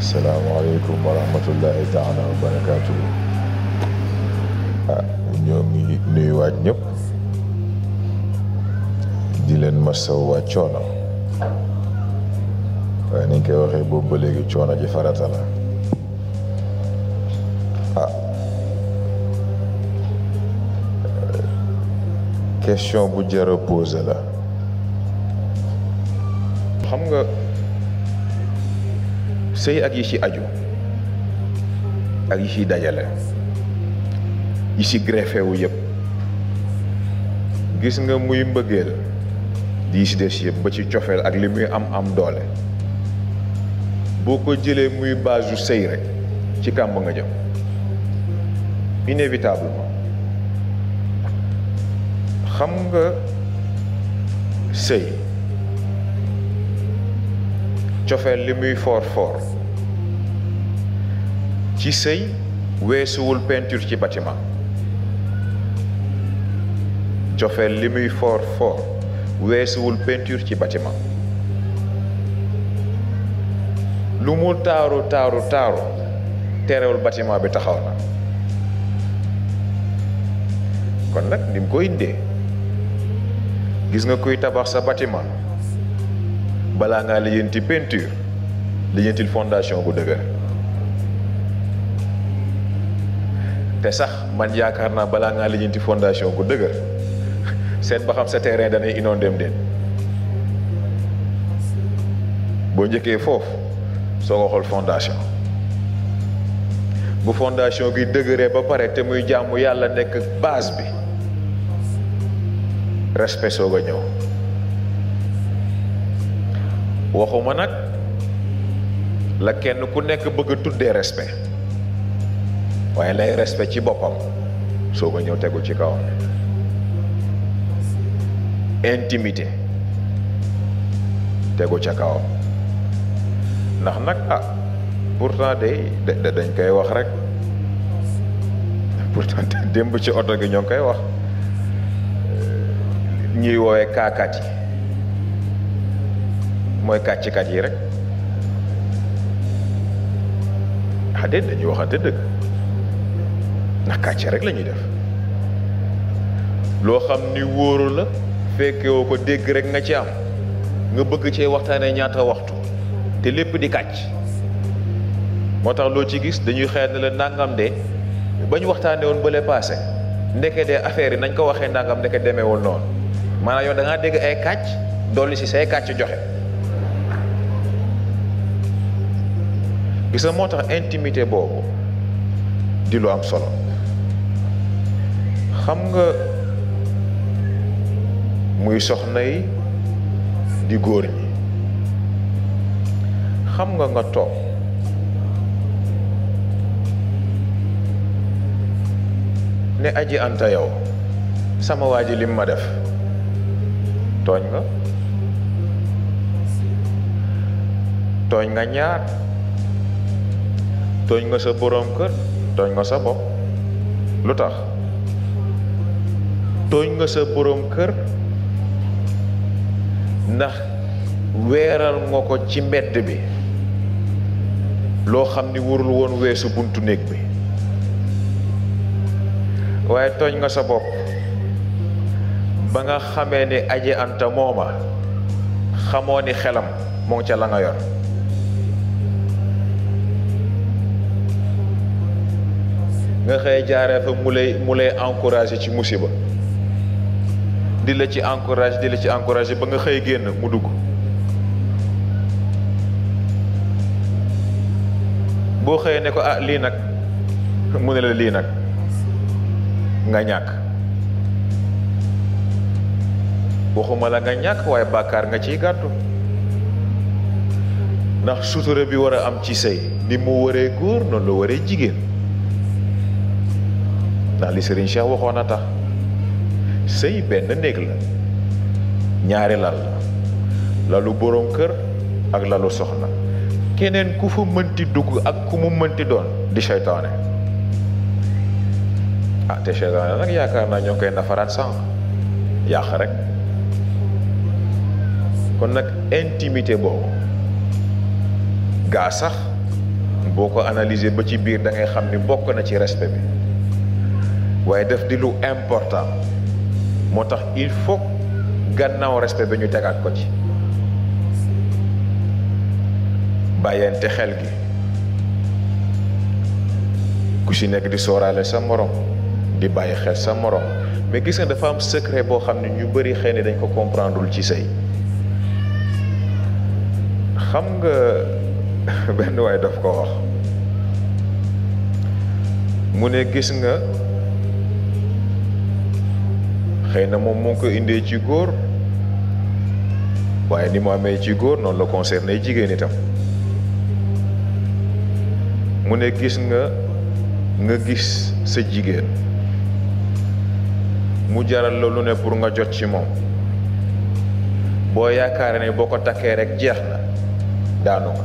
asalaamaaleykum wa rahmatullahi taala wa barakaatuhu ah ñoo ngi nuyuwaat ñëpp di leen masaw waa coono waaye nañ koy waxee boobu ba léegi coono ji farata la ah, bu jar a posé la nga sëy ak yi ci aju ak yi ci dajale yi ci greffé wu yëpp gis nga muy mbëggeel di ci des yëpp ba ci cofeel ak li muy am am doole boo ko jëlee muy baasu sëy rek ci kàmb nga jëm inévitablement xam nga sëy cofeel li muy foor foor ci sëy weesuwul peinture ci bâtiment cofeel li muy foor foor weesuwul peinture ci bâtiment lu mu taaru taaru terewul bâtiment bi taxaw na kon nag ni mu ko indee gis nga kuy tabax sa bâtiment balaa ngaa lijjanti peinture lijjantil fondation bu dëgër te sax man yaakaar naa balaa ngaa lijjanti fondation bu dëgër seet ba xam sa terrain danay inondé dem den boo njëkkee foofu soo ko xool fondation bu fondation gi dëgëree ba pare te muy jàmm yàlla nekk base bi respect soog a ñëw waxuma nag la kenn ku nekk bëgg a tuddee respect waaye lay respect ci boppam soo ko ñëw tegu ci kawam intimité tegu ca kawam ndax nag ah pourtant day dañ koy wax rek pourtant démb ci oto gi ñoo ngi koy wax ñuy woowee kaakat yi mooy kàccikat yi rek ah déet dañuy waxante dëgg ndax kàcce rek lañuy def loo xam ni wóoru la fekkewoo ko dégg rek nga ci am nga bëgg cee waxtaanee ñaata waxtu te lépp di kàcc moo tax loo ci gis dañuy xeet ne la nangam de bañ waxtaanee woon bële paase ndeke de affaire yi nañ ko waxee nangam ndeke demee woon noonu maanaam yow da dégg ay kàcc dolli si say kàcc joxe. gis moo tax intimité boobu di lu am solo xam nga muy soxna yi di góor ñi xam nga nga toog ne aji anta yow sama waa ji lim ma def tooñ nga tooñ nga ñaar tooñ nga sa borom kër tooñ nga sa bopp lu tax tooñ nga sa borom kër ndax weeral nga ko ci mbedd bi loo xam ni warul woon weesu buntu néeg bi waaye tooñ nga sa bopp ba nga xamee ni aji anta mooma xamoo xelam moo ngi la nga nga xëy jaaree fa mu lay mu lay encouragé ci musiba di la ci encourage di la ci encouragé ba nga xëy génn mu dugg boo xëyee ne ko ah lii nag mu ne la lii nag nga ñàkk waxuma la nga ñàkk waaye bàkkaar nga ciy gàttu ndax sutura bi war a am ci sëy ni mu waree góor noonu la waree jigéen ndax li Serigne Cheikh waxoon a tax sëy benn néeg la ñaari lal la lalu boroom kër ak lalu soxna keneen ku fa mënti dugg ak ku mu mënti doon di seytaane ah te seytaane nag yaakaar naa ñoo koy nafaraat sànq yàq rekk kon nag intimité boobu gaa sax boo ko analyser ba ci biir dangay xam ni bokk na ci respect bi waye def di lu important motax il faut gannaaw respect bi ñu tegaat ko ci bàyyente xel gi ku ci nekk di sóoraale sa morom di bàyyi xel sa morom mais gis nga dafa am secret boo xam ne ñu bëri xëy na dañ ko comprendrewul ci sëy xam nga benn waay daf ko wax mu ne gis nga xëy na moom moo ko indee ci góor waaye ni mu amee ci góor noonu la concerné jigéen itam mu ne gis nga nga gis sa jigéen mu jaral la lu ne pour nga jot ci moom boo yaakaar ne boo ko takkee rek jeex na daanu ko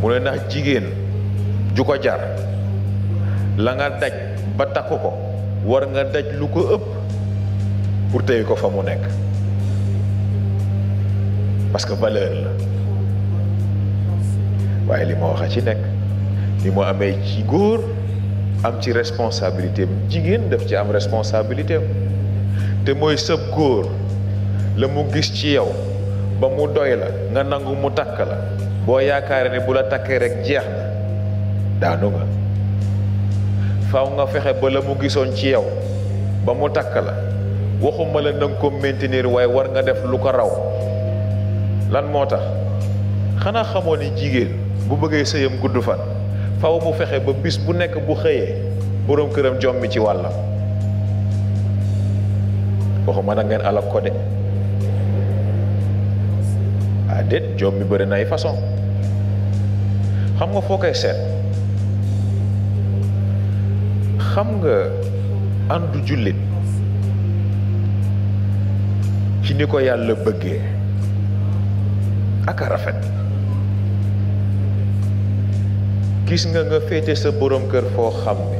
mu ne ndax jigéen ju ko jar la nga daj ba ko war nga daj lu ko ëpp pour téye ko fa mu nekk parce que valeur waaye li ma wax a ci nekk ni mu amee ci góor am ci responsabilité am jigéen def ci am responsabilité te mooy sëb góor la mu gis ci yow ba mu doy la nga nangu mu takk la boo yaakaare ne bu la takkee rek jeex na daanu nga faaw nga fexe ba la mu gisoon ci yow ba mu takk la waxuma la na nga ko maintenir waaye war nga def lu ko raw lan moo tax xanaa xamoo ni jigéen bu bëggee sëyam gudd fan faw mu fexe ba bis bu nekk bu xëyee boroom këram jommi ci wàlla waxuma nag ngeen alak ko de ah déet jommi bëri na ay façon xam nga foo koy seet xam nga àndu jullit ci ni ko yàlla bëggee ak rafet gis nga nga féete sa borom kër foo xam ne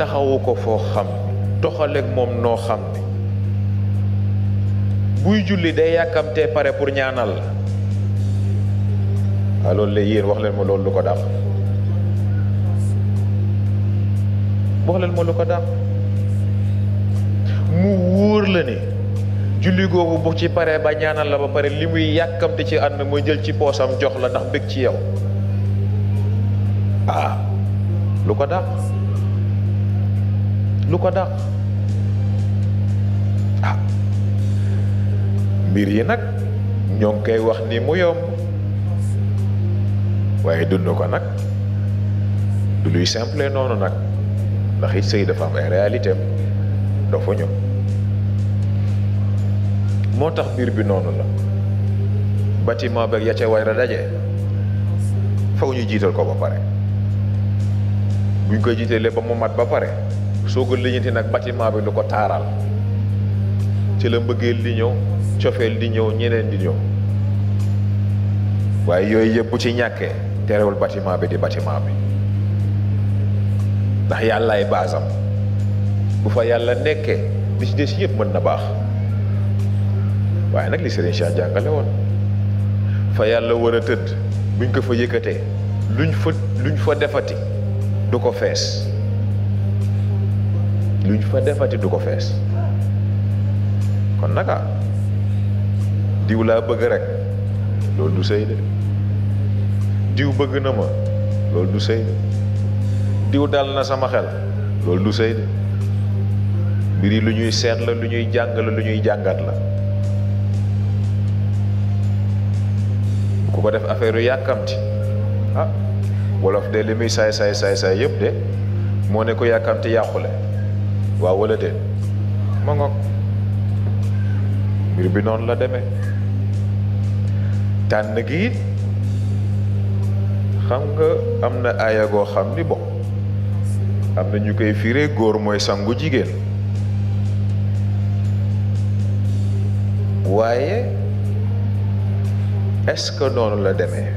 taxawu ko foo xam ne doxaleeg moom noo xam ne buy julli day yàkkamtee pare pour ñaanal la waaw loolu la yéen wax leen ma loolu lu ko dàq mu wóor la ne julli googu bu ci pare ba ñaanal la ba pare li muy yàkkamte ci ànd mooy jël ci poosam jox la ndax bëgg ci yow ah lu ko dàq lu ko dàq ah mbir yi nag ñoo ngi koy wax ni mu yomb waaye dund ko nag du luy simple noonu nag ndax it sëy dafa am ay réalité am doo fa ñëw moo tax biir bi noonu la bâtiment beeg ya ca way a daje faw ñu jiital ko ba pare ñu koy jiitalee ba mu mat ba pare soo ko lijjanti nag bâtiment bi lu ko taaral ci la mbëggeel di ñëw cofeel di ñëw ñeneen di ñëw waaye yooyu yëpp ci ñàkkee terewul bâtiment bi di bâtiment bi ndax yàllaay baasam bu fa yàlla nekkee li ci des yëpp mën na baax waaye nag li Serigne Cheikh jàngale woon fa yàlla war a tëdd buñ ko fa yëkkatee luñ fa luñ fa defati du ko fees luñ fa defati du ko fees kon naka ah, diw laa bëgg rek loolu du sëy de diw bëgg na ma loolu du sëy de diw dal na sama xel loolu du sëy de mbir yi lu ñuy seet la lu ñuy jàng la lu ñuy jàngat la ku ko def affaire yu a ah, wolof de li saay saay saay saay yëpp de moo ne ko yàkkamti yàqule waaw wala ma ngoog mbir bi noonu la deme tànn gi it xam nga am na aaya goo xam ni bon am na ñu koy fiire góor mooy sangu jigéen waaye est-ce que noonu la deme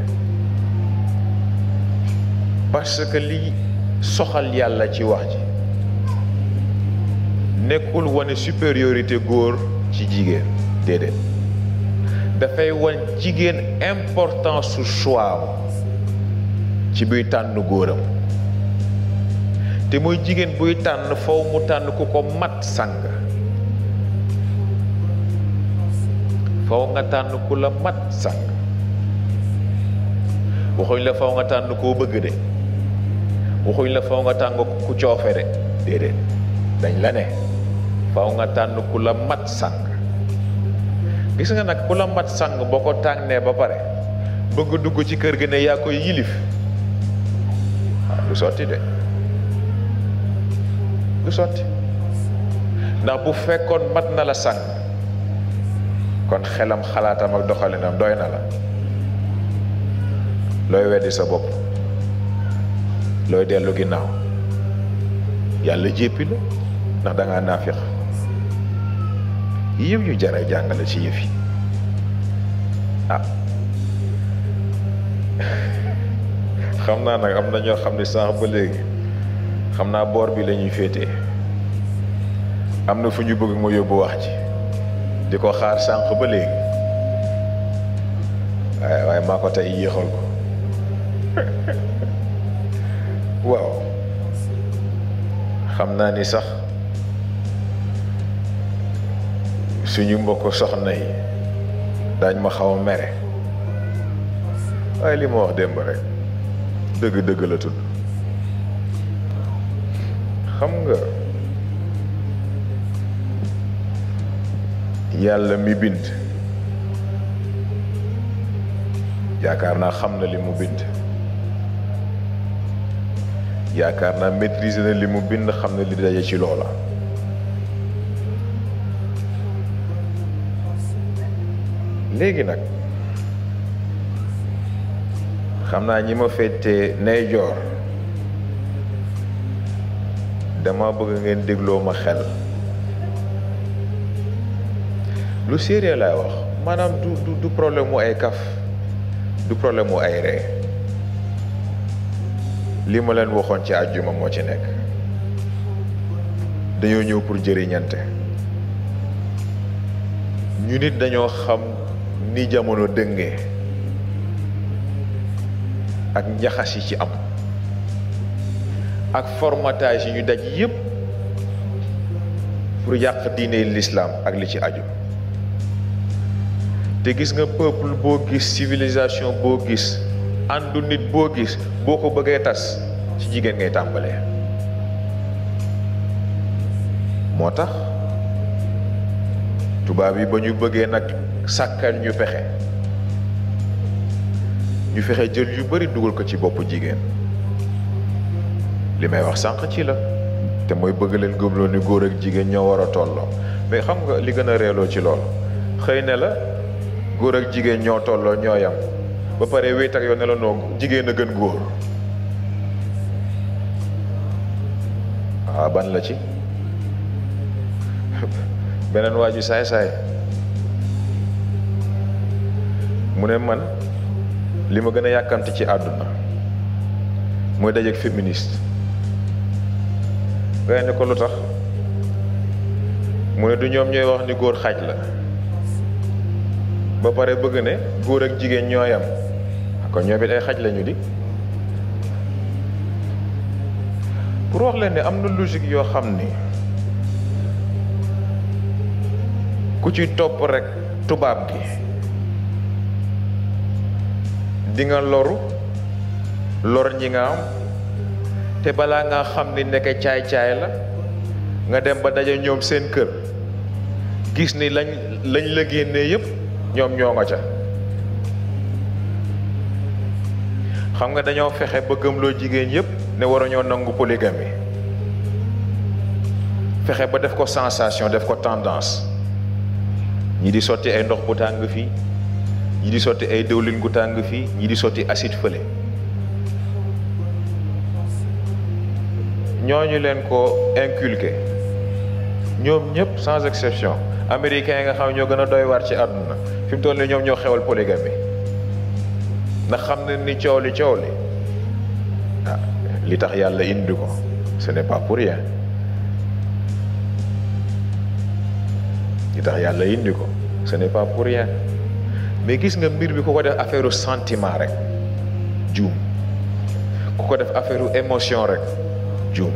parce que li soxal yàlla ci wax ji nekkul wane supériorité góor ci jigéen déedéet dafay wan jigéen importance su choix ci buy tànn góoram te mooy jigéen buy tànn faw mu tànn ku ko mat sang faw nga tànn ku la mat sang waxuñ la faw nga tànn koo bëgg de waxuñ la faw nga tàng ku coofe de déedéet dañ la ne faw nga tànn ku la mat sàng gis nga nag ku la mat sàng boo ko tànnee ba pare bëgg dugg ci kër gi ne yaa koy yilif ah, du sotti de du sotti ndax bu fekkoon mat na la sàng kon xelam xalaatam ak doxalinam doy na la looy weddi sa bopp looy dellu ginnaaw yàlla jéppi ndax danga ngaa naafeq yëpp yu jara jàngale ci yëf yi ah xam naa nag am na ñoo xam ne sànq ba léegi xam naa boor bi lañuy féete am na fu ñu bëgg ma yóbbu wax ci di ko xaar sànq ba léegi waaye waaye maa ko tey yéexal ko waaw xam naa ni sax suñu mbokk soxna yi daañ ma xaw a mere waaye li ma wax démb dëgg-dëgg la tudd xam nga yàlla mi bind yaakaar naa xam na li mu bind yaakaar naa maîtriser na li mu bind xam ne li daje ci loola léegi nag xam naa ñi ma féetee nay joor dama bëgg a ngeen dégloo ma xel lu sérieux laay wax maanaam du du du problème mu ay kaf du problème mu ay ree lii ma leen waxoon ci àjjuma moo ci nekk dañoo ñëw pour jëriñante ñu nit dañoo xam ni jamono dëngee ak njaxas yi ci am ak formatage yi ñu daj yépp pour yàq diine l'islam ak li ci aju te gis nga peuple boo gis civilisation boo gis àndu nit boo gis boo ko tas ci jigéen ngay tàmbalee moo tax tubaab yi ba ñu bëggee nag sàkkal ñu pexe ñu fexe jël yu bari dugal ko ci boppu jigéen li wax sànq ci la te mooy bëgg leen ni góor ak jigéen ñoo war a mais xam nga li gën a ci loolu la ak yam ba pare wéet ak yow ne la noog jigéen a gën góor waaw ah, ban la ci beneen waa ju saay-saay mu ne man li ma gën a yàkkamti ci àdduna mooy dajeeg féministe nga ne ko lu tax mu ne du ñoom ñooy wax ni góor xaaj la ba pare bëgg ne góor ak jigéen ñoo kon ñoom it ay xaj lañu di pour wax leen ne am na logique yoo xam ni ku ci topp rekk tubaab bi di loru lor ñi nga am te balaa nga xam ni nekk caay-caay la nga dem ba daje ñoom seen kër gis ni lañ lañ la génnee yépp ñom ñoo ca xam nga dañoo fexe ba lo jigéen yépp ne waruñoo nangu polygami fexe ba def ko sensation def ko tendance ñi di sotti ay ndox bu tàng fii ñi di sotti ay gu ñi di sotti acide ñoom ñëpp sans exception américains yi nga xam ñoo gën a doy waar ci àdduna fi mu toll nii ñoom ñoo xewal polygamie ndax xam ne ni coow li coow li ah li tax yàlla indi ko ce n'est pas pour rien li tax yàlla indi ko ce n'est pas pour mais gis nga mbir bi ku ko def affaire sentiment rek juum ku ko def affaire émotion rek juum